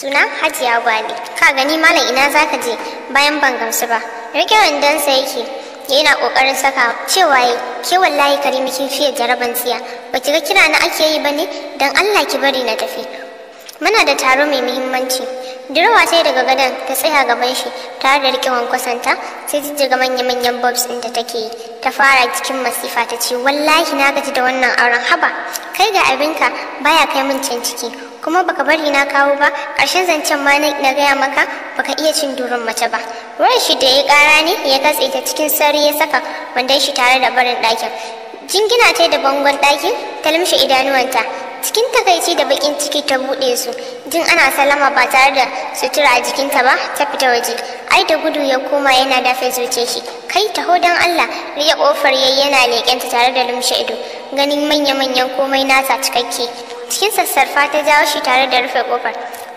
suna hajiya gwani. ka gani malam ina zaka je bayan ban gamsu ba rike sa yake yana kokarin saka cewa ke wallahi karimi kin fiye jaraban tsiya ba ki ga kira na ake yi ba ne, dan Allah ki bari na tafi muna da taro mai muhimmanci dirawa sai daga gadon ta tsaya gaban shi tare da rike kwasanta sai jijjiga manya-manyan bobs din da take yi ta fara cikin masifa ta ce wallahi na gaji da wannan auren haba kai ga abinka baya kai min can ciki kuma baka bari na kawo ba ƙarshen zancen ma na gaya maka baka iya cin durin mace ba ruwan shi da ya ƙara ne ya katse ta cikin sauri ya saka wandon shi tare da barin ɗakin jingina ta da bangon ɗakin ta lumshe idanuwanta cikin takaici da bakin ciki ta buɗe su jin ana salama ba tare da sutura a jikinta ba ta fita waje ai da gudu ya koma yana dafe zuce shi kai taho don allah riya ƙofar yayi yana leƙenta tare da lumshe ido ganin manya-manyan komai nasa cikakke cikin sassarfa ta jawo shi tare da rufe kofar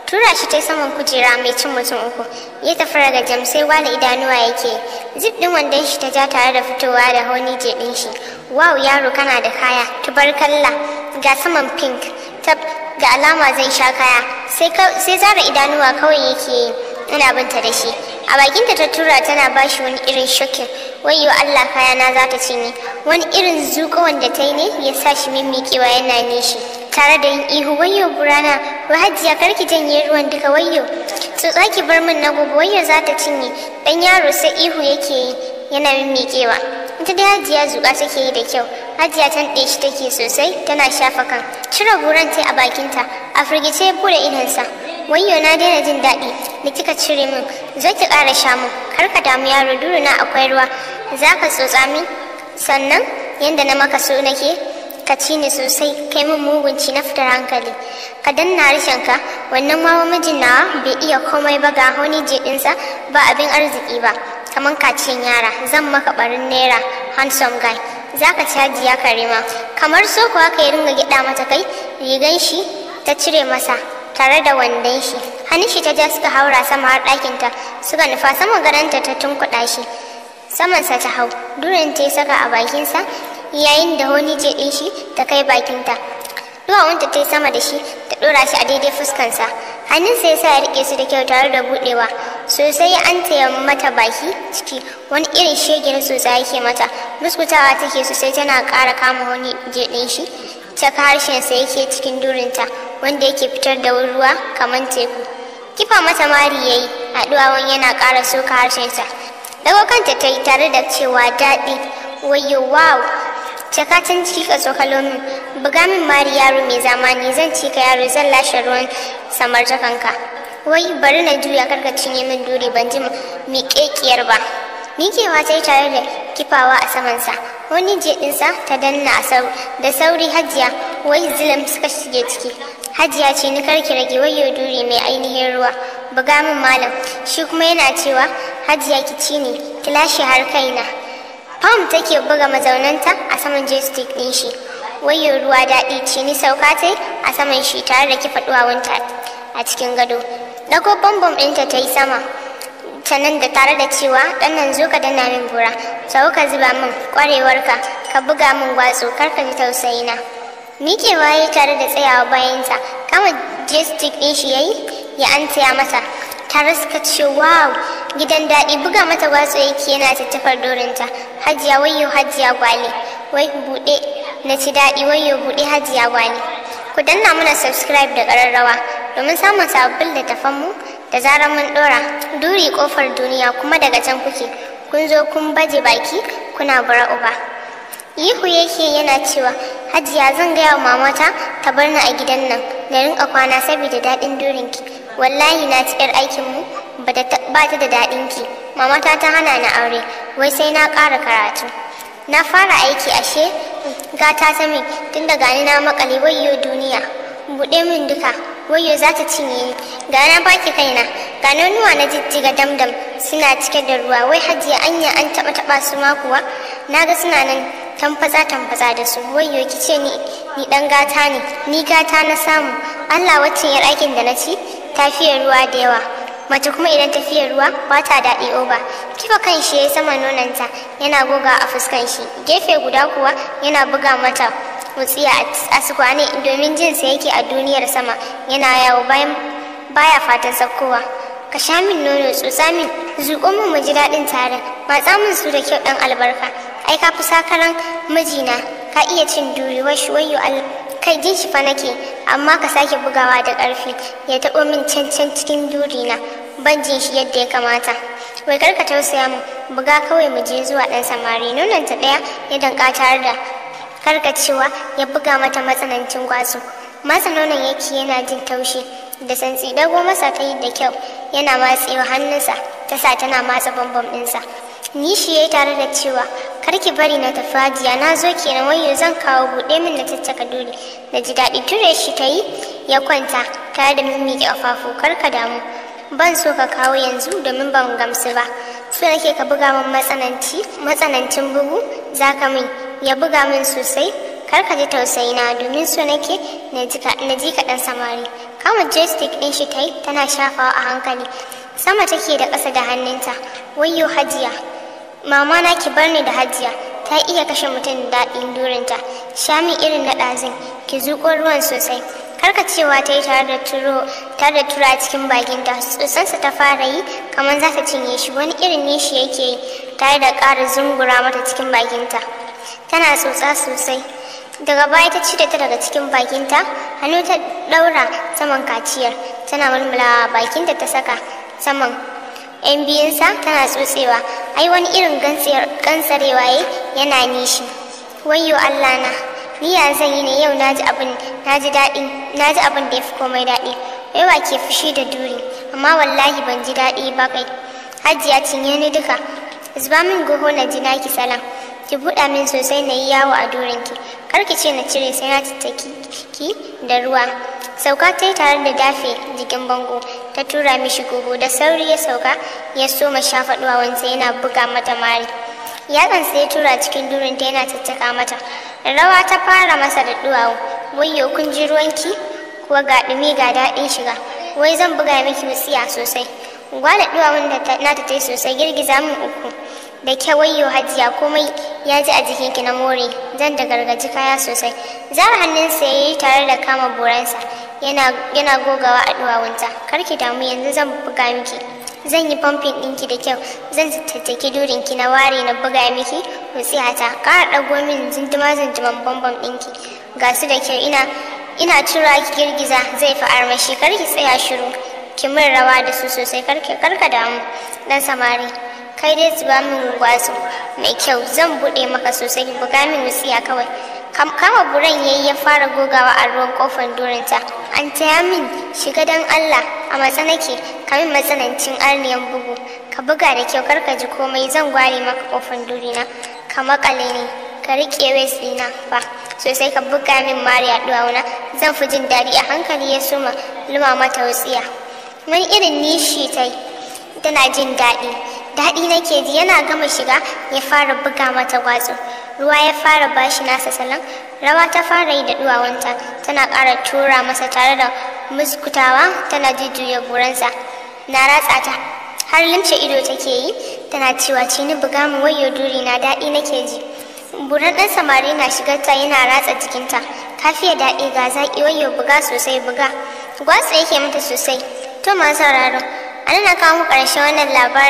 tura shi ta saman kujera mai cin mutum uku ya tafi daga jam sai wala idanuwa yake zip din wandon shi ta ja tare da fitowa da hauni je din shi wow yaro kana da kaya tubarkalla ga saman pink tab ga alama zai sha kaya sai zara idanuwa kawai yake yi ina binta da shi a bakinta ta tura tana ba shi wani irin shokin wayo allah kayana za ta cinye wani irin zuƙo wanda ta yi ne ya sa shi mimmiƙewa yana nishi tare da yin ihu wayo burana wahajiya karki janye ruwan duka wayo tsotsa ki bar min na gobe wayo za ta cinye dan yaro sai ihu yake yi yana mimmiƙewa ita dai hajiya zuƙa take yi da kyau hajiya tan shi take sosai tana shafa kan cire guran ta a bakinta a firgice ya bude idonsa wayo na daina jin daɗi da kika cire min zo ki ƙara sha min kar ka damu yaro duru akwai ruwa za ka tsotsa min sannan yadda na maka so nake ka ci sosai kai min mugun ci na fitar hankali ka danna ka wannan ma mijin nawa bai iya komai ba ga hauni jiɗinsa ba abin arziki ba kaman kacin yara zan maka barin naira handsome guy zaka ka caji ya karima. kamar so kuwa ka yi ringa gida mata kai rigan shi ta cire masa tare da wandan shi hannun ta ja suka haura sama har ta suka nufa sama garanta ta tunkuɗa shi saman sa ta hau durin ta saka a bakinsa yayin da wani je ɗin shi ta kai bakinta wanda ta yi sama da shi ta ɗora shi a daidai fuskansa hannunsa ya sa ya riƙe su da kyau tare da buɗewa sosai an taya mata baki ciki wani irin shege na sosai yake mata muskutawa take sosai tana ƙara kama wani je ɗin shi caka harshensa yake cikin durinta wanda yake fitar da ruwa kamar teku kifa mata mari yayi a duwawan yana ƙara soka harshensa dago kanta ta yi tare da cewa daɗi wayo wow cakatan can ciki ka tsokalo min buga min mari yaro mai zamani zan cika yaro zan lashe ruwan samar samartakanka wai bari na juya karka cinye min duri ban ji miƙeƙiyar ba miƙewa ta yi tare da kifawa a samansa wani jeɗinsa ta danna a da sauri hajiya wai zilam suka shige ciki hajiya ce ni karki rage wayo duri mai ainihin ruwa buga min malam shi kuma yana cewa hajiya ki ci ne ki lashe har kaina Pam take buga mazaunanta a saman joystick din shi. Wayo ruwa daɗi ce ni sauka ta a saman shi tare da kifa duwawunta a cikin gado. dako bombom ɗinta ta yi sama. Tanan da tare da cewa ɗan nan zo ka dana min bura, sau ka zuba min ƙwarewarka, ka buga min gwatsu, kar ka ji tausayina. Mike ya tare da tsayawa bayansa, kama joystick ɗin shi ya yi, ya an masa. ta raska cewa wow gidan daɗi buga mata wasu yake yana tattafar dorinta hajiya wayo hajiya gwale wai buɗe na ci daɗi wayo buɗe hajiya gwale ku danna mana subscribe da ƙararrawa domin samun sababbin mu da zarar mun ɗora duri ƙofar duniya kuma daga can kuke kun zo kun baje baki kuna bara uba ihu yake yana cewa hajiya zan gaya wa mamata ta bar ni a gidan nan na rinka kwana saboda daɗin durinki wallahi na ci yar aikinmu ba ta da daɗin ki mama ta ta hana ni aure wai sai na ƙara karatu na fara aiki ashe gata ta min tun da gani na makale wayo duniya buɗe min duka wayo za ta cinye ni ga na baki kaina ga nonuwa na jijjiga damdam suna cike da ruwa wai hajiya anya an taba taba su ma kuwa na ga suna nan tamfatsa tamfatsa da su wayo ki ce ni ni dan gata ne ni gata na samu Allah wacce yar aikin da na ci tafiyar ruwa da yawa mace kuma idan tafiyar ruwa ba ta daɗi oba kifa kan shi ya sama nonanta yana goga a fuskan shi gefe guda kuwa yana buga mata mutsiya a sukwane domin jinsa yake a duniyar sama yana yawo bayan baya fatan sakkowa ka sha min nono tsotsa min zuƙo min mu ji daɗin tare matsa min su da kyau ɗan albarka ai ka fi sakaran mijina ka iya cin duri washi allah. kai jin shi fa nake amma ka sake bugawa da ƙarfi ya taɓo min cancan cikin durina ban jin shi yadda ya kamata wai karka tausaya mu buga kawai mu je zuwa ɗan samari ta ɗaya ya danka tare da cewa ya buga mata matsanancin gwazo masa nonon yake yana jin taushi da santsi dago masa ta yi da kyau yana matsewa hannunsa ta sa tana matsa bambam ɗinsa shi ya yi tare da cewa kar ki bari na tafi jiya na zo kenan wayo zan kawo buɗe min na caccaka dole na ji daɗi ture shi ta yi ya kwanta tare da mimmiƙe ƙafafu kar ka damu ban so ka kawo yanzu domin ban gamsu ba so nake ka buga min matsananci matsanancin bugu za ka min ya buga min sosai kar ka ji na domin so nake na ji ka ɗan samari kama joystick ɗin shi ta yi tana shafawa a hankali sama take da ƙasa da hannunta wayo hajiya mama na ki bar ni da hajiya ta iya kashe mutum daɗin durinta shami irin na ɗazin ki zuƙo ruwan sosai cewa ta yi tare da turo tare da tura cikin bakinta tsotsansa ta fara yi kamar za ta cinye shi wani irin ne shi yake yi tare da ƙara zungura mata cikin bakinta tana tsotsa sosai daga baya ta cire ta daga cikin bakinta hannu ta ɗaura saman kaciyar tana mulmulawa bakinta ta saka saman 'yan sa tana tsotsewa ai wani irin gansarewa yana nishi wayyo allah na ni ya zan yi ne yau naji abin abin da ya fi komai daɗi yawa ke fushi da duri amma wallahi ban ji daɗi ba kai hajiya cinye ni duka zuba min goho na ji naki salam ki buɗa min sosai na yi yawo a ki kar ki ce na cire sai na tattaki ki da ruwa sauka ta yi tare da dafe jikin bango ta tura mishi gugu da sauri ya sauka ya so soma shafa wansa yana buga mata mari yatsan sai ya tura cikin durin ta yana caccaka mata rawa ta fara masa da duwawu yau kun ji ruwanki kuwa ga ɗumi ga daɗin shiga wai zan buga miki wutsiya sosai gwada duwawun da nata ta tai sosai girgiza min uku da yau hajiya komai ya ji a jikinki na more zan da gargaji kaya sosai zara hannunsa ya yi tare da kama buransa yana gogawa a duwawunta karki damu yanzu zan buga miki zan yi pumping ɗinki da kyau zan durin ki na ware na buga miki ta kara ɗago min zintuma zindiman bambam ɗinki ga su da kyau ina ina tura ki girgiza zai fi armashi karki tsaya shiru ki min rawa da su sosai karki karka damu dan samari kai dai zuba min gwazo mai kyau zan buɗe maka sosai buga min wasiya kawai kama buran yi ya fara gogawa a ruwan kofar durinta an taya min shiga don allah a matsa nake kamin matsanancin arniyan bugu ka buga da kyau karka ji komai zan gware maka kofar durina ka makale ne ka riƙe wes na ba sosai ka buga min mariya duwawuna zan fi jin daɗi a hankali ya suma luma mata wutsiya wani irin nishi ta yi tana jin daɗi daɗi nake ji yana gama shiga ya fara buga mata gwatsu ruwa ya fara bashi nasa salon rawa ta fara yi da duwawanta tana ƙara tura masa tare da muskutawa tana jujjuya goransa na ratsa ta har limce ido take yi tana cewa cini buga mu wayo duri na daɗi nake ji buran ɗan samari na shigarta yana ratsa jikinta kafiya daɗi ga zaki wayo buga sosai buga gwatsa yake mata sosai to masu sauraro ana na kawo ƙarshen wannan labarin